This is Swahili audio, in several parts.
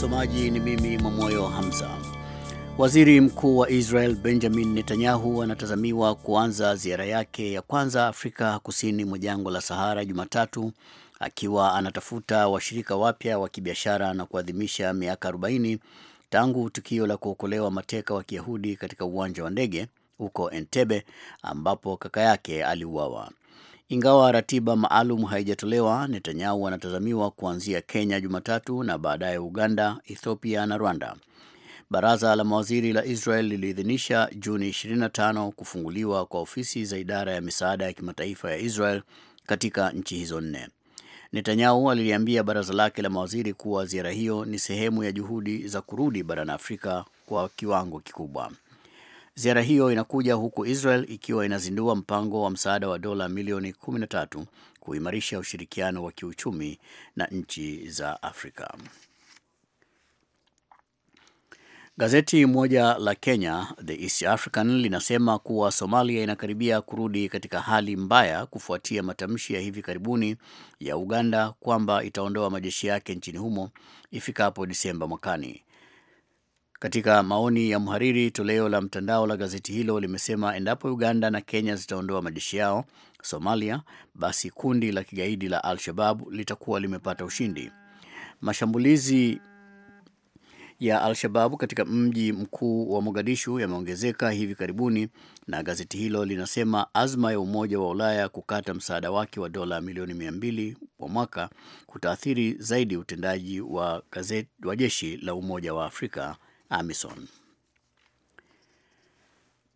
Msomaji ni mimi Mwamoyo Hamza. Waziri Mkuu wa Israel Benjamin Netanyahu anatazamiwa kuanza ziara yake ya kwanza Afrika kusini mwa jangwa la Sahara Jumatatu, akiwa anatafuta washirika wapya wa kibiashara na kuadhimisha miaka 40 tangu tukio la kuokolewa mateka wa Kiyahudi katika uwanja wa ndege huko Entebbe ambapo kaka yake aliuawa. Ingawa ratiba maalum haijatolewa, Netanyahu anatazamiwa kuanzia Kenya Jumatatu na baadaye Uganda, Ethiopia na Rwanda. Baraza la mawaziri la Israel liliidhinisha Juni 25 kufunguliwa kwa ofisi za idara ya misaada ya kimataifa ya Israel katika nchi hizo nne. Netanyahu aliliambia baraza lake la mawaziri kuwa ziara hiyo ni sehemu ya juhudi za kurudi barani Afrika kwa kiwango kikubwa. Ziara hiyo inakuja huku Israel ikiwa inazindua mpango wa msaada wa dola milioni 13 kuimarisha ushirikiano wa kiuchumi na nchi za Afrika. Gazeti moja la Kenya, The East African, linasema kuwa Somalia inakaribia kurudi katika hali mbaya kufuatia matamshi ya hivi karibuni ya Uganda kwamba itaondoa majeshi yake nchini humo ifikapo Disemba mwakani. Katika maoni ya mhariri, toleo la mtandao la gazeti hilo limesema endapo Uganda na Kenya zitaondoa majeshi yao Somalia, basi kundi la kigaidi la Al-Shabab litakuwa limepata ushindi. Mashambulizi ya Al-Shababu katika mji mkuu wa Mogadishu yameongezeka hivi karibuni, na gazeti hilo linasema azma ya Umoja wa Ulaya kukata msaada wake wa dola milioni mia mbili kwa mwaka kutaathiri zaidi utendaji wa, gazeti, wa jeshi la Umoja wa Afrika AMISON.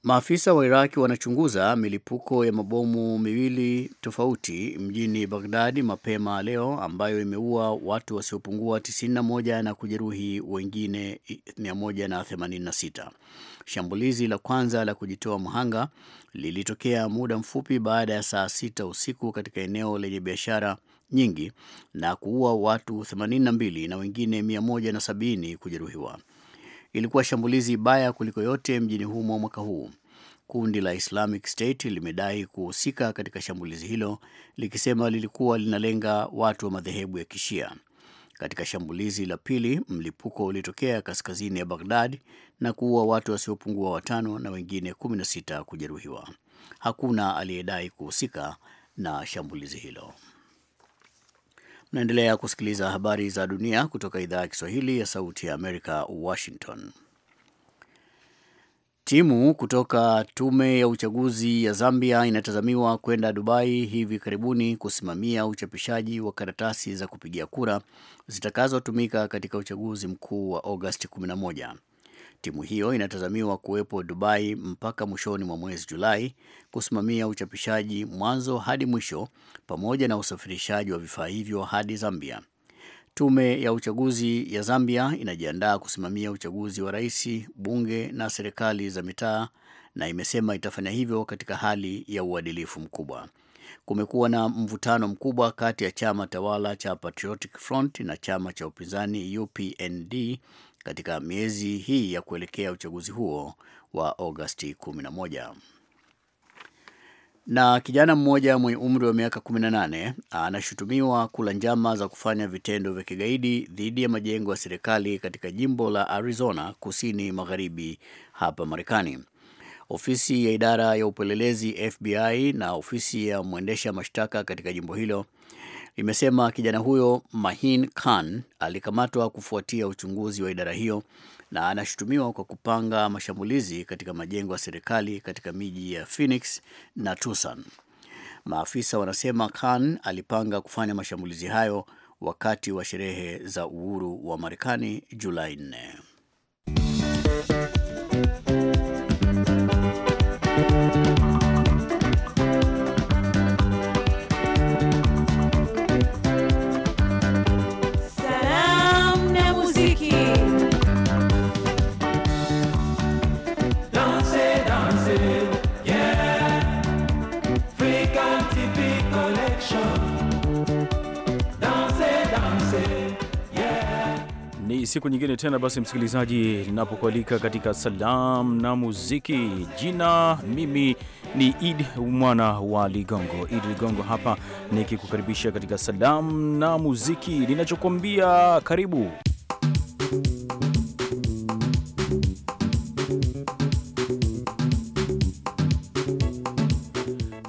Maafisa wa Iraki wanachunguza milipuko ya mabomu miwili tofauti mjini baghdadi mapema leo ambayo imeua watu wasiopungua 91 na kujeruhi wengine 186. Shambulizi la kwanza la kujitoa mhanga lilitokea muda mfupi baada ya saa sita usiku katika eneo lenye biashara nyingi na kuua watu 82 na wengine 170 kujeruhiwa ilikuwa shambulizi baya kuliko yote mjini humo mwaka huu. Kundi la Islamic State limedai kuhusika katika shambulizi hilo likisema lilikuwa linalenga watu wa madhehebu ya Kishia. Katika shambulizi la pili, mlipuko ulitokea kaskazini ya Baghdad na kuua watu wasiopungua watano na wengine 16 kujeruhiwa. Hakuna aliyedai kuhusika na shambulizi hilo. Mnaendelea kusikiliza habari za dunia kutoka idhaa ya Kiswahili ya Sauti ya Amerika, Washington. Timu kutoka tume ya uchaguzi ya Zambia inatazamiwa kwenda Dubai hivi karibuni kusimamia uchapishaji wa karatasi za kupigia kura zitakazotumika katika uchaguzi mkuu wa Agosti 11. Timu hiyo inatazamiwa kuwepo Dubai mpaka mwishoni mwa mwezi Julai kusimamia uchapishaji mwanzo hadi mwisho pamoja na usafirishaji wa vifaa hivyo hadi Zambia. Tume ya uchaguzi ya Zambia inajiandaa kusimamia uchaguzi wa rais, bunge na serikali za mitaa na imesema itafanya hivyo katika hali ya uadilifu mkubwa. Kumekuwa na mvutano mkubwa kati ya chama tawala cha Patriotic Front na chama cha upinzani UPND katika miezi hii ya kuelekea uchaguzi huo wa Agosti 11. Na kijana mmoja mwenye umri wa miaka 18 anashutumiwa kula njama za kufanya vitendo vya kigaidi dhidi ya majengo ya serikali katika jimbo la Arizona kusini magharibi hapa Marekani. Ofisi ya idara ya upelelezi FBI na ofisi ya mwendesha mashtaka katika jimbo hilo imesema kijana huyo Mahin Khan alikamatwa kufuatia uchunguzi wa idara hiyo na anashutumiwa kwa kupanga mashambulizi katika majengo ya serikali katika miji ya Phoenix na Tucson. Maafisa wanasema Khan alipanga kufanya mashambulizi hayo wakati wa sherehe za uhuru wa Marekani Julai 4. siku nyingine tena basi, msikilizaji, ninapokualika katika salamu na muziki. Jina mimi ni Id mwana wa Ligongo, id Ligongo hapa nikikukaribisha katika salamu na muziki, ninachokuambia karibu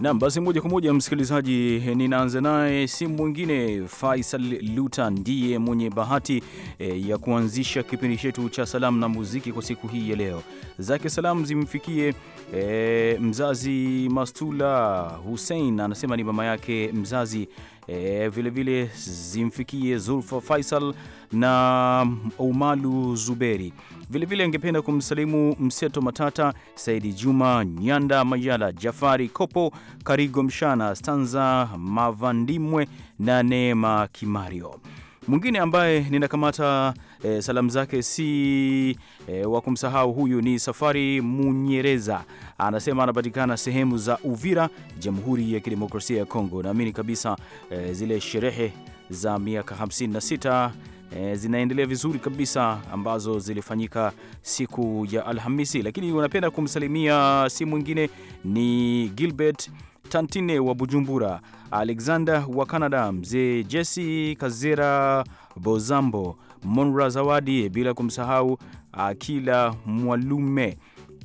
Nam, basi moja kwa moja msikilizaji, ninaanza naye simu mwingine Faisal Luta, ndiye mwenye bahati e, ya kuanzisha kipindi chetu cha salamu na muziki kwa siku hii ya leo. Zake salamu zimfikie e, mzazi Mastula Hussein, anasema ni mama yake mzazi e, vilevile zimfikie Zulfa Faisal na Umalu Zuberi. Vilevile angependa kumsalimu Mseto Matata, Saidi Juma Nyanda, Mayala Jafari Kopo, Karigo Mshana, Stanza Mavandimwe na Neema Kimario. Mwingine ambaye ninakamata e, salamu zake si e, wa kumsahau huyu ni Safari Munyereza, anasema anapatikana sehemu za Uvira, Jamhuri ya Kidemokrasia ya Kongo. Naamini kabisa e, zile sherehe za miaka 56 E, zinaendelea vizuri kabisa ambazo zilifanyika siku ya Alhamisi, lakini unapenda kumsalimia si mwingine ni Gilbert Tantine wa Bujumbura, Alexander wa Canada, mzee Jesse Kazera Bozambo Monra Zawadi, bila kumsahau Akila Mwalume.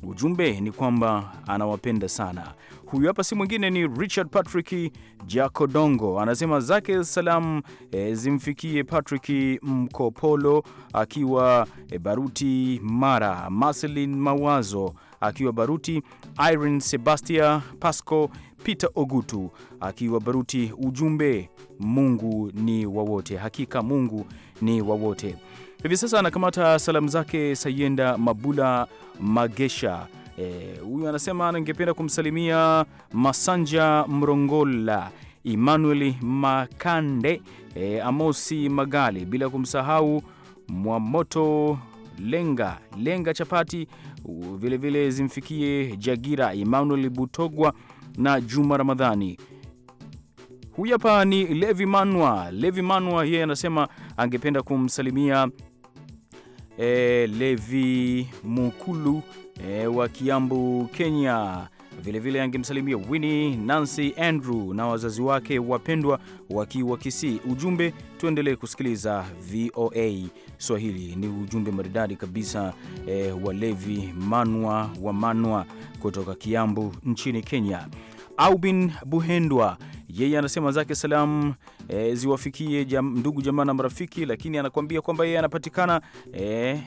Ujumbe ni kwamba anawapenda sana. Huyu hapa si mwingine ni Richard Patrick Jakodongo, anasema zake salamu e, zimfikie Patrick Mkopolo akiwa e, Baruti Mara, Marcelin Mawazo akiwa Baruti, Irene Sebastia Pasco, Peter Ogutu akiwa Baruti. Ujumbe, Mungu ni wawote hakika Mungu ni wawote Hivi sasa anakamata salamu zake Sayenda Mabula Magesha. Eh, huyu e, anasema ningependa kumsalimia Masanja Mrongola, Emmanuel Makande, e, Amosi Magali, bila kumsahau Mwamoto lenga lenga chapati vilevile vile zimfikie Jagira Emmanuel Butogwa na Juma Ramadhani. Huyu hapa ni Levi Manwa. Levi Manwa yeye anasema angependa kumsalimia e, Levi Mukulu e, wa Kiambu, Kenya. Vilevile vile angemsalimia Winnie Nancy Andrew na wazazi wake wapendwa wakiwa Kisii. Ujumbe, tuendelee kusikiliza VOA Swahili. Ni ujumbe maridadi kabisa eh, wa Levi Manwa wa Manwa kutoka Kiambu nchini Kenya. Aubin Buhendwa yeye anasema zake salamu e, ziwafikie jam, ndugu jamaa na marafiki, lakini anakuambia kwamba yeye anapatikana e,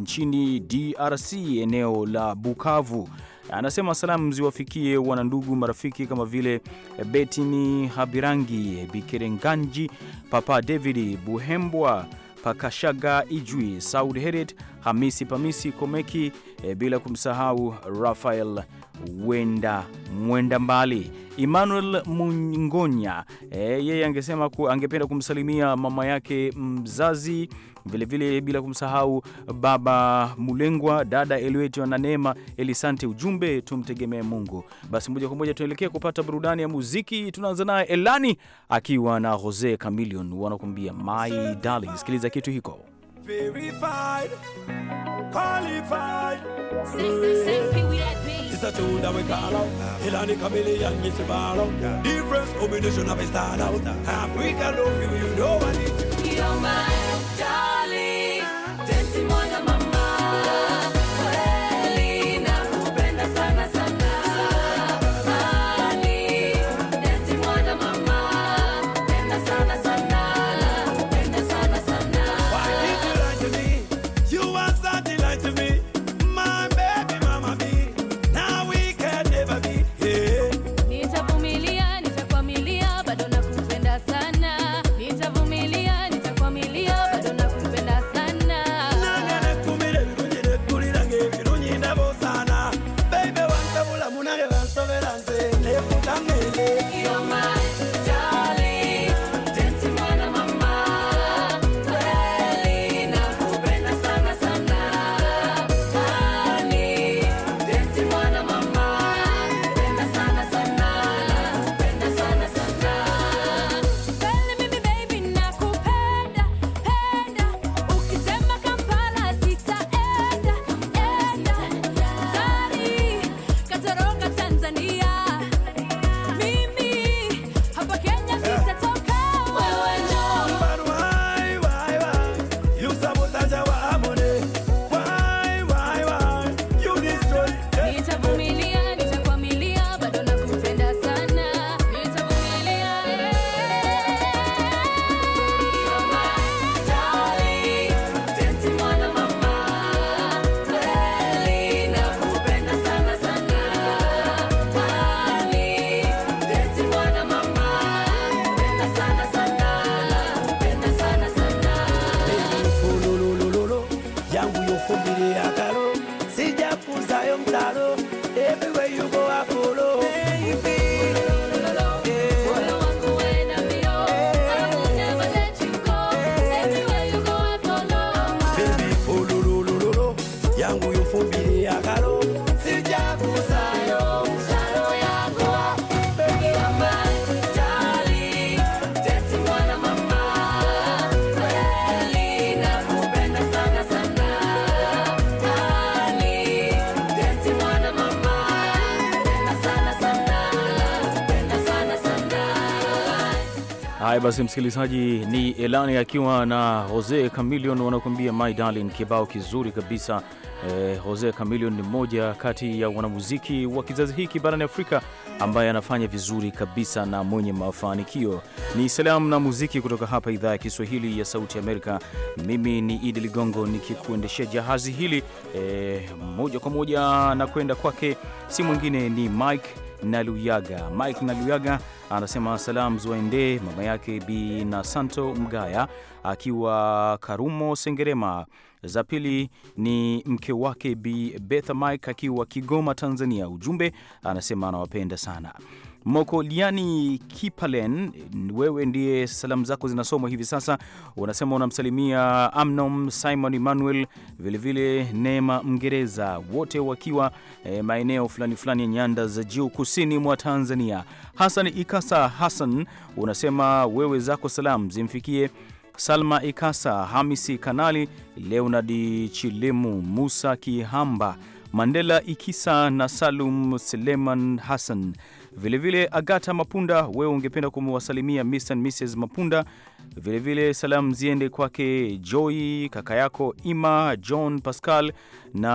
nchini DRC eneo la Bukavu. Anasema salamu ziwafikie wana ndugu marafiki kama vile eh, Betini Habirangi Bikerenganji, Papa David Buhembwa Pakashaga Ijwi, Saud Heret, Hamisi Pamisi Komeki, e, bila kumsahau Rafael Wenda Mwenda Mbali, Emmanuel Mungonya. E, yeye angesema ku, angependa kumsalimia mama yake mzazi vilevile vile, bila kumsahau Baba Mulengwa, dada Eliweti na Neema Elisante. Ujumbe tumtegemee Mungu. Basi moja kwa moja tunaelekea kupata burudani ya muziki. Tunaanza naye Elani akiwa na Jose Camilion, wanakuambia my darling. Sikiliza kitu hiko Verified, Haya basi, msikilizaji, ni Elani akiwa na Jose Camilion wanakuambia my darling, kibao kizuri kabisa. Eh, Jose ni mmoja kati ya wanamuziki wa kizazi hiki barani Afrika ambaye anafanya vizuri kabisa na mwenye mafanikio. Ni salamu na muziki kutoka hapa idhaa ya Kiswahili ya Sauti Amerika. Mimi ni Idi Ligongo nikikuendeshea jahazi hili eh, moja kwa moja na kwenda kwake, si mwingine ni Mike Naluyaga. Mike Naluyaga anasema salamu ziwaendee mama yake Bi na Santo Mgaya akiwa Karumo Sengerema. Za pili ni mke wake Bi Betha Mike akiwa Kigoma, Tanzania. Ujumbe anasema anawapenda sana. Mokoliani Kipalen, wewe ndiye salamu zako zinasomwa hivi sasa. Unasema unamsalimia Amnom Simon Emmanuel, vilevile Neema mgereza wote wakiwa eh, maeneo fulani fulani ya nyanda za juu kusini mwa Tanzania. Hasan Ikasa Hasan, unasema wewe zako salamu zimfikie Salma Ikasa, Hamisi Kanali, Leonard Chilemu, Musa Kihamba Mandela Ikisa na Salum Seleman Hassan. Vilevile vile Agata Mapunda, wewe ungependa kumwasalimia Mr and Mrs Mapunda. Vilevile salamu ziende kwake Joy, kaka yako Ima, John Pascal na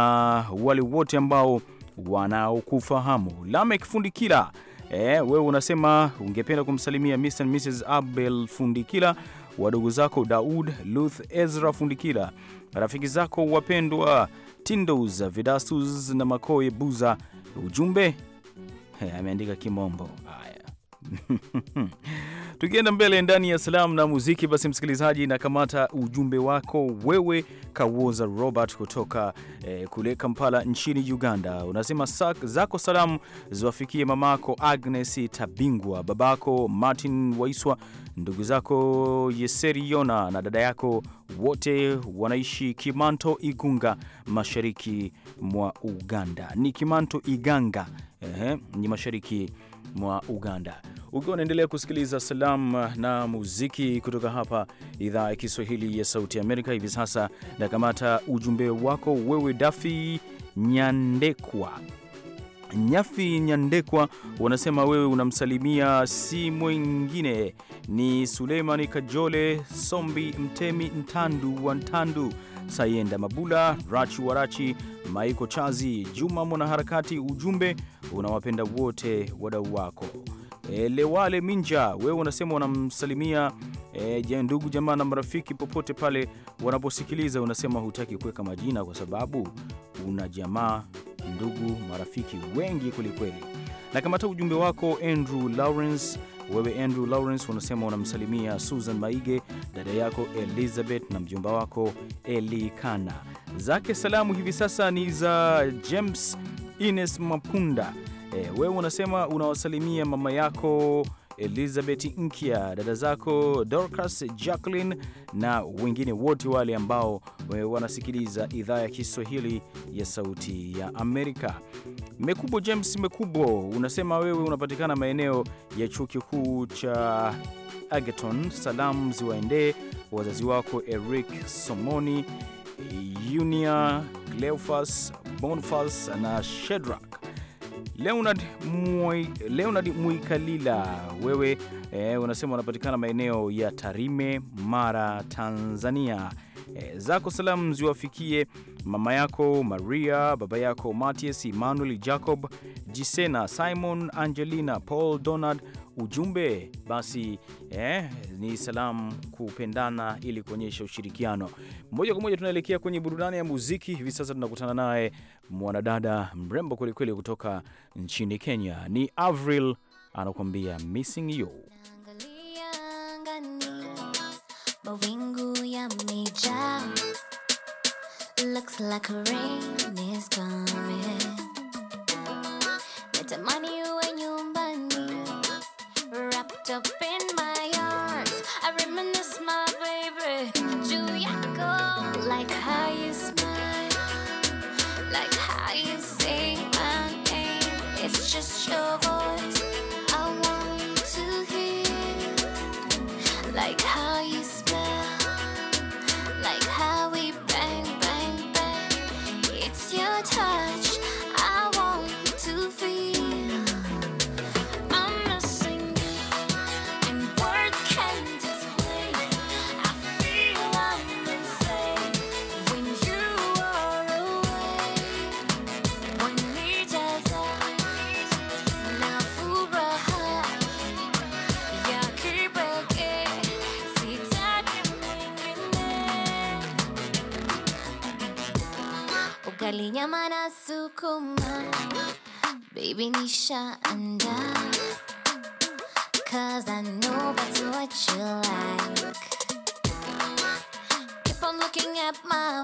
wale wote ambao wanaokufahamu. Lamek Fundikila, Eh, wewe unasema ungependa kumsalimia Mr and Mrs Abel Fundikila, wadogo zako Daud Luth Ezra Fundikila, rafiki zako wapendwa tindos vidasus na Makoe Buza. Ujumbe ameandika Kimombo. Haya. Tukienda mbele ndani ya salamu na muziki, basi msikilizaji, nakamata ujumbe wako wewe, Kawoza Robert kutoka eh, kule Kampala nchini Uganda. Unasema zako salamu ziwafikie mamako Agnes Tabingwa, babako Martin Waiswa ndugu zako Yeseri Yona na dada yako wote wanaishi Kimanto Igunga, mashariki mwa Uganda. Ni Kimanto Iganga, ehe, ni mashariki mwa Uganda. Ukiwa unaendelea kusikiliza salamu na muziki kutoka hapa idhaa ya Kiswahili ya Sauti ya Amerika, hivi sasa nakamata ujumbe wako wewe, Dafi Nyandekwa Nyafi Nyandekwa wanasema wewe unamsalimia si mwingine ni Suleimani Kajole Sombi Mtemi Ntandu wa Ntandu Sayenda Mabula Rachi Warachi Maiko Chazi Juma mwanaharakati. Ujumbe unawapenda wote wadau wako. E, Lewale Minja wewe unasema wanamsalimia E, ndugu jamaa na marafiki popote pale wanaposikiliza. Unasema hutaki kuweka majina kwa sababu una jamaa ndugu, marafiki wengi kwelikweli. Na kamata ujumbe wako Andrew Lawrence. Wewe Andrew Lawrence unasema unamsalimia Susan Maige, dada yako Elizabeth na mjomba wako Eli Kana. Zake salamu hivi sasa ni za James Ines Mapunda. E, wewe unasema unawasalimia mama yako Elizabeth Nkia, dada zako Dorcas, Jacqueline na wengine wote wale ambao eh, wanasikiliza idhaa ya Kiswahili ya Sauti ya Amerika. Mekubo James Mekubo, unasema wewe unapatikana maeneo ya chuo kikuu cha Agaton. Salamu ziwaendee wazazi wako Eric Somoni, Unia Cleofas, Bonfas na Shedrak Leonard, Mui, Leonard Muikalila wewe e, unasema unapatikana maeneo ya Tarime, Mara, Tanzania. E, zako salamu ziwafikie mama yako Maria, baba yako Matias, Emmanuel, Jacob, Jisena, Simon, Angelina, Paul, Donald ujumbe basi eh, ni salamu kupendana ili kuonyesha ushirikiano. Moja kwa moja tunaelekea kwenye burudani ya muziki. Hivi sasa tunakutana naye mwanadada mrembo kwelikweli kutoka nchini Kenya, ni Avril anakuambia missing you. Mawingu looks like rain is coming just your voice. Nisha and I. Cause I know that's what you like. Keep on looking at my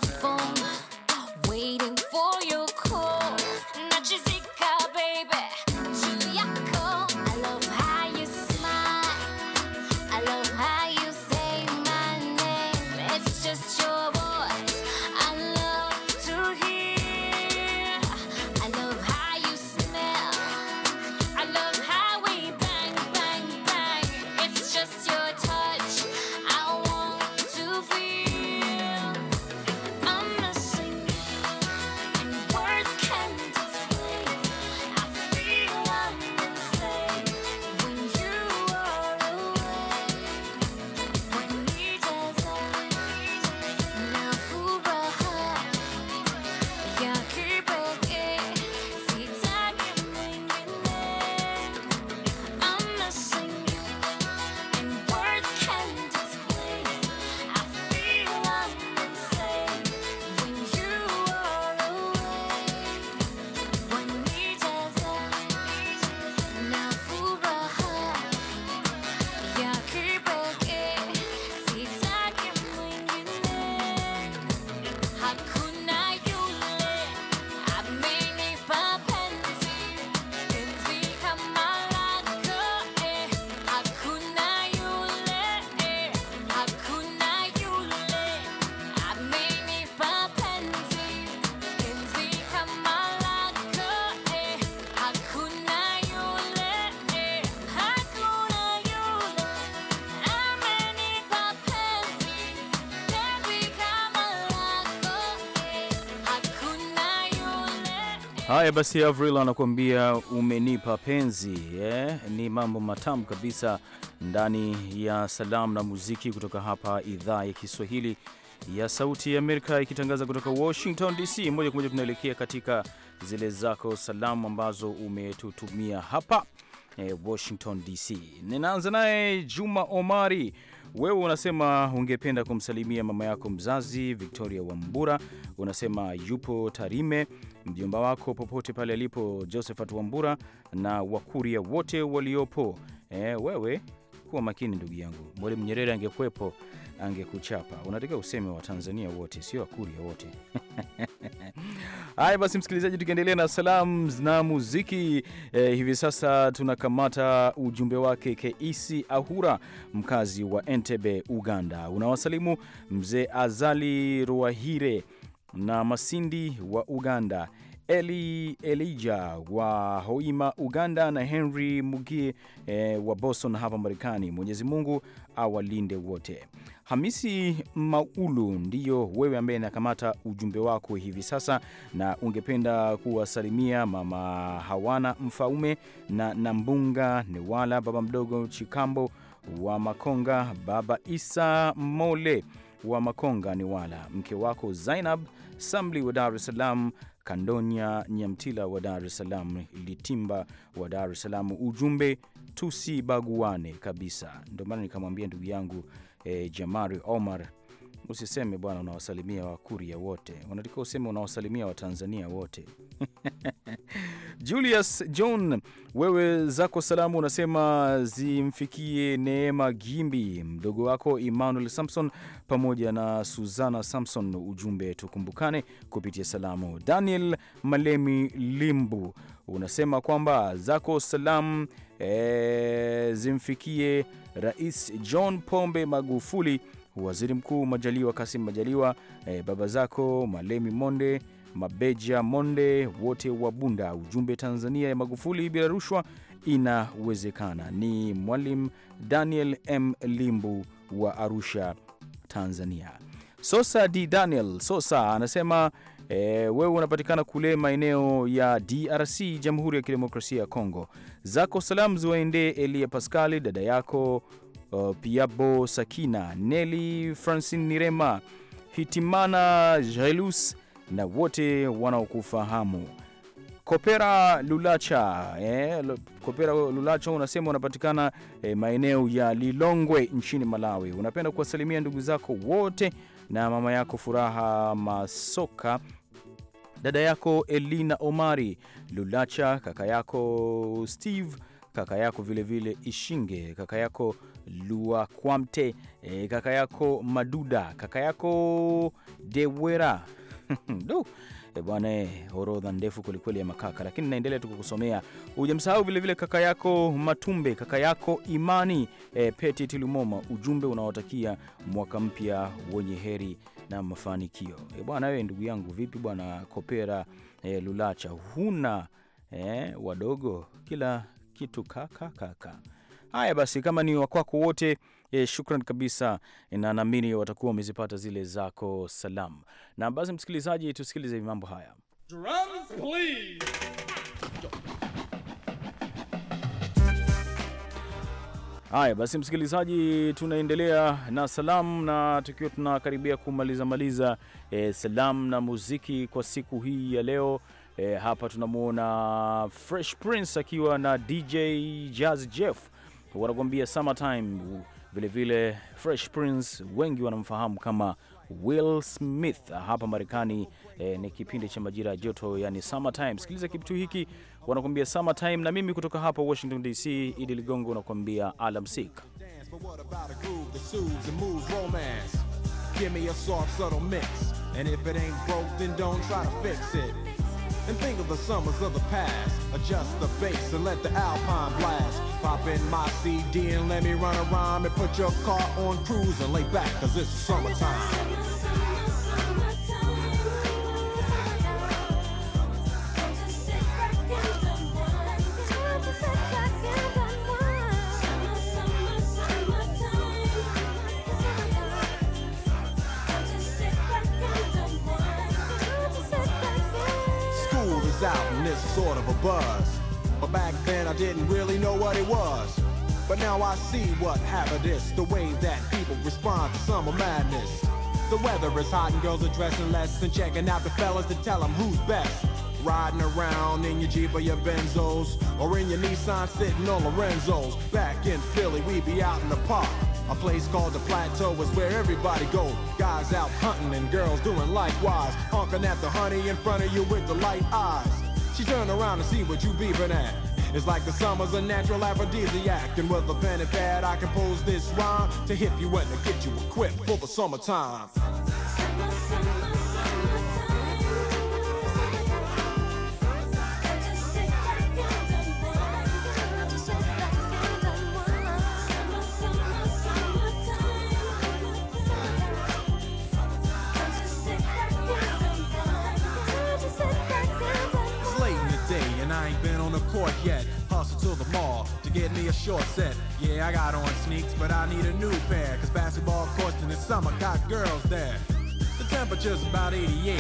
Haya basi, Avril anakuambia umenipa penzi eh? Ni mambo matamu kabisa ndani ya salamu na muziki kutoka hapa idhaa ya Kiswahili ya Sauti ya Amerika ikitangaza kutoka Washington DC. Moja kwa moja tunaelekea katika zile zako salamu ambazo umetutumia hapa eh, Washington DC. Ninaanza naye Juma Omari wewe unasema ungependa kumsalimia mama yako mzazi Victoria Wambura, unasema yupo Tarime, mjomba wako popote pale alipo Josephat Wambura na Wakuria wote waliopo. E, wewe kuwa makini ndugu yangu, Mwalimu Nyerere angekuwepo angekuchapa. Unatakiwa useme Watanzania wote, sio Wakuria wote Haya basi, msikilizaji, tukiendelea na salamu na muziki eh, hivi sasa tunakamata ujumbe wake Keisi Ahura, mkazi wa Entebbe, Uganda. Unawasalimu mzee Azali Ruahire na Masindi wa Uganda, Eli Elija wa Hoima Uganda na Henry Mugie eh, wa Boston hapa Marekani. Mwenyezi Mungu awalinde wote. Hamisi Maulu, ndiyo wewe ambaye nakamata ujumbe wako hivi sasa, na ungependa kuwasalimia mama Hawana Mfaume na Nambunga Newala, baba mdogo Chikambo wa Makonga, baba Isa Mole wa Makonga Newala, mke wako Zainab Samli wa Dar es Salaam, Kandonya Nyamtila wa Dar es Salaam, Litimba wa Dar es Salaam. Ujumbe tusibaguane kabisa. Ndio maana nikamwambia ndugu yangu e, Jamari Omar, usiseme bwana unawasalimia Wakuria wote, unatakiwa useme unawasalimia Watanzania wote. Julius John, wewe zako salamu unasema zimfikie Neema Gimbi, mdogo wako Emmanuel Samson pamoja na Suzana Samson. Ujumbe tukumbukane kupitia salamu. Daniel Malemi Limbu unasema kwamba zako salamu e, zimfikie Rais John Pombe Magufuli, Waziri Mkuu Majaliwa Kasim Majaliwa, eh, baba zako Malemi Monde Mabeja Monde wote wa Bunda. Ujumbe, Tanzania ya Magufuli bila rushwa inawezekana. Ni Mwalimu Daniel M Limbu wa Arusha, Tanzania. Sosa D Daniel Sosa anasema E, wewe unapatikana kule maeneo ya DRC, Jamhuri ya Kidemokrasia ya Kongo. Zako salamu ziwaendee Elia Pascali, dada yako uh, Piabo Sakina, Neli Francine Nirema, Hitimana Jailus na wote wanaokufahamu. Kopera Lulacha eh, Kopera Lulacha unasema unapatikana eh, maeneo ya Lilongwe nchini Malawi. Unapenda kuwasalimia ndugu zako wote na mama yako Furaha Masoka, dada yako Elina Omari Lulacha, kaka yako Steve, kaka yako vilevile vile Ishinge, kaka yako Kwamte, e, kaka yako Maduda, kaka yako Dewera du bwana, eh, orodha ndefu kwelikweli ya makaka, lakini naendelea tu kukusomea. Hujamsahau vilevile kaka yako Matumbe, kaka yako Imani e, eh, Petit Lumoma, ujumbe unaotakia mwaka mpya wenye heri na mafanikio. E bwana, wewe ndugu yangu vipi bwana Kopera e, Lulacha, huna e, wadogo, kila kitu kaka kaka. Haya basi, kama ni wakwako wote E, shukran kabisa eh, na naamini watakuwa wamezipata zile zako salam. Na basi, msikilizaji, tusikilize mambo haya. Drums, Haya basi, msikilizaji, tunaendelea na salamu na tukiwa tunakaribia kumaliza maliza e, salamu na muziki kwa siku hii ya leo. E, hapa tunamwona Fresh Prince akiwa na DJ Jazz Jeff wanakuambia summertime vilevile Fresh Prince, wengi wanamfahamu kama Will Smith hapa Marekani. Eh, ni kipindi cha majira ya joto, yani time. Sikiliza kitu hiki wanakuambia time, na mimi kutoka hapa Washington DC, Idi Ligongo nakuambia alamsik. Give me a soft subtle mix and if it ain't broke then don't try to fix it and think of the summers of the past. Adjust the bass and let the alpine blast. Pop in my CD and let me run a rhyme and put your car on cruise and lay back, cause it's summertime. out and it's sort of a buzz. But back then I didn't really know what it was. But now I see what happened is the way that people respond to summer madness. The weather is hot and girls are dressing less and checking out the fellas to tell them who's best. Riding around in your Jeep or your Benzos or in your Nissan sitting on Lorenzo's. Back in Philly, we be out in the park. A place called the Plateau is where everybody goes guys out hunting and girls doing likewise. Honking at the honey in front of you with the light eyes. She turn around to see what you beeping at. It's like the summer's a natural aphrodisiac. And with a pen and pad, I compose this rhyme to hit you and to get you equipped for the summertime. yet. Hustle to the mall to get me a short set. Yeah, I got on sneaks, but I need a new pair. Cause basketball courts in the summer got girls there. The temperature's about 88.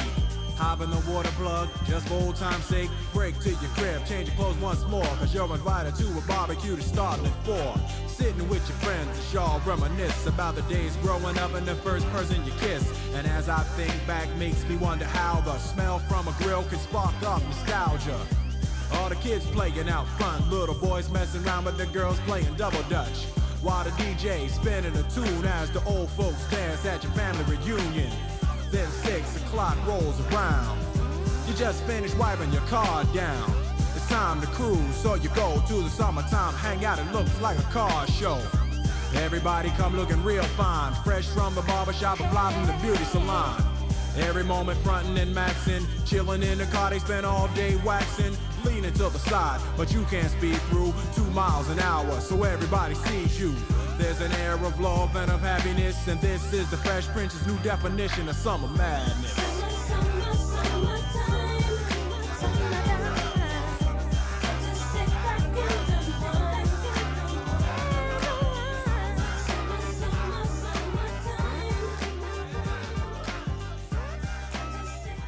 Hop in the water plug, just for old time's sake. Break to your crib, change your clothes once more. Cause you're invited to a barbecue to start at four. Sitting with your friends as y'all reminisce about the days growing up and the first person you kiss. And as I think back, makes me wonder how the smell from a grill can spark up nostalgia. All the kids playing out front, little boys messing around with the girls playing double dutch. While the DJ spinning a tune as the old folks dance at your family reunion. Then six o'clock rolls around. You just finished wiping your car down. It's time to cruise, so you go to the summertime hangout. It looks like a car show. Everybody come looking real fine, fresh from the barbershop, live from the beauty salon. Every moment frontin' and maxin', chillin' in the car, they spend all day waxin', leanin' to the side, but you can't speed through two miles an hour, so everybody sees you. There's an air of love and of happiness, and this is the Fresh Prince's new definition of summer madness.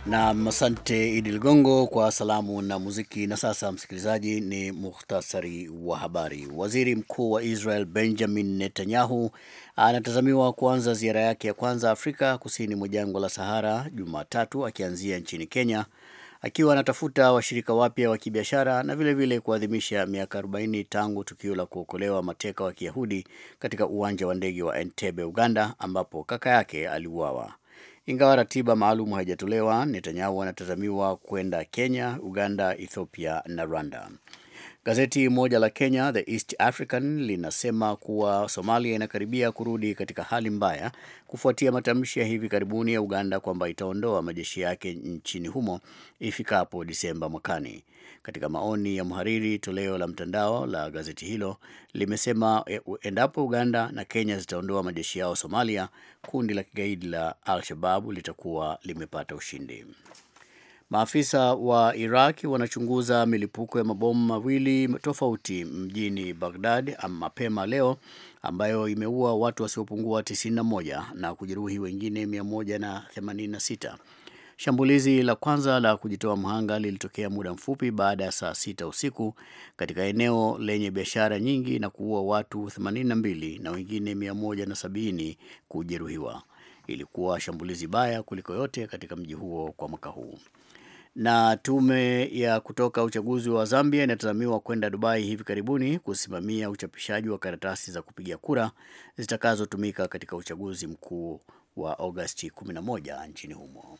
Nam, asante Idi Ligongo kwa salamu na muziki. Na sasa, msikilizaji, ni muhtasari wa habari. Waziri Mkuu wa Israel Benjamin Netanyahu anatazamiwa kuanza ziara yake ya kwanza Afrika kusini mwa jangwa la Sahara Jumatatu, akianzia nchini Kenya, akiwa anatafuta washirika wapya wa kibiashara na vilevile kuadhimisha miaka 40 tangu tukio la kuokolewa mateka wa Kiyahudi katika uwanja wa ndege wa Entebbe, Uganda, ambapo kaka yake aliuawa. Ingawa ratiba maalum haijatolewa, Netanyahu anatazamiwa kwenda Kenya, Uganda, Ethiopia na Rwanda. Gazeti moja la Kenya, The East African, linasema kuwa Somalia inakaribia kurudi katika hali mbaya kufuatia matamshi ya hivi karibuni ya Uganda kwamba itaondoa majeshi yake nchini humo ifikapo Disemba mwakani. Katika maoni ya mhariri, toleo la mtandao la gazeti hilo limesema e, endapo Uganda na Kenya zitaondoa majeshi yao Somalia, kundi la kigaidi la Al-Shababu litakuwa limepata ushindi. Maafisa wa iraq wanachunguza milipuko ya mabomu mawili tofauti mjini Baghdad mapema leo ambayo imeua watu wasiopungua 91 na kujeruhi wengine 186 Shambulizi la kwanza la kujitoa mhanga lilitokea muda mfupi baada ya saa sita usiku katika eneo lenye biashara nyingi na kuua watu 82 na wengine 170 kujeruhiwa. Ilikuwa shambulizi baya kuliko yote katika mji huo kwa mwaka huu. Na tume ya kutoka uchaguzi wa Zambia inatazamiwa kwenda Dubai hivi karibuni kusimamia uchapishaji wa karatasi za kupiga kura zitakazotumika katika uchaguzi mkuu wa Agosti 11 nchini humo.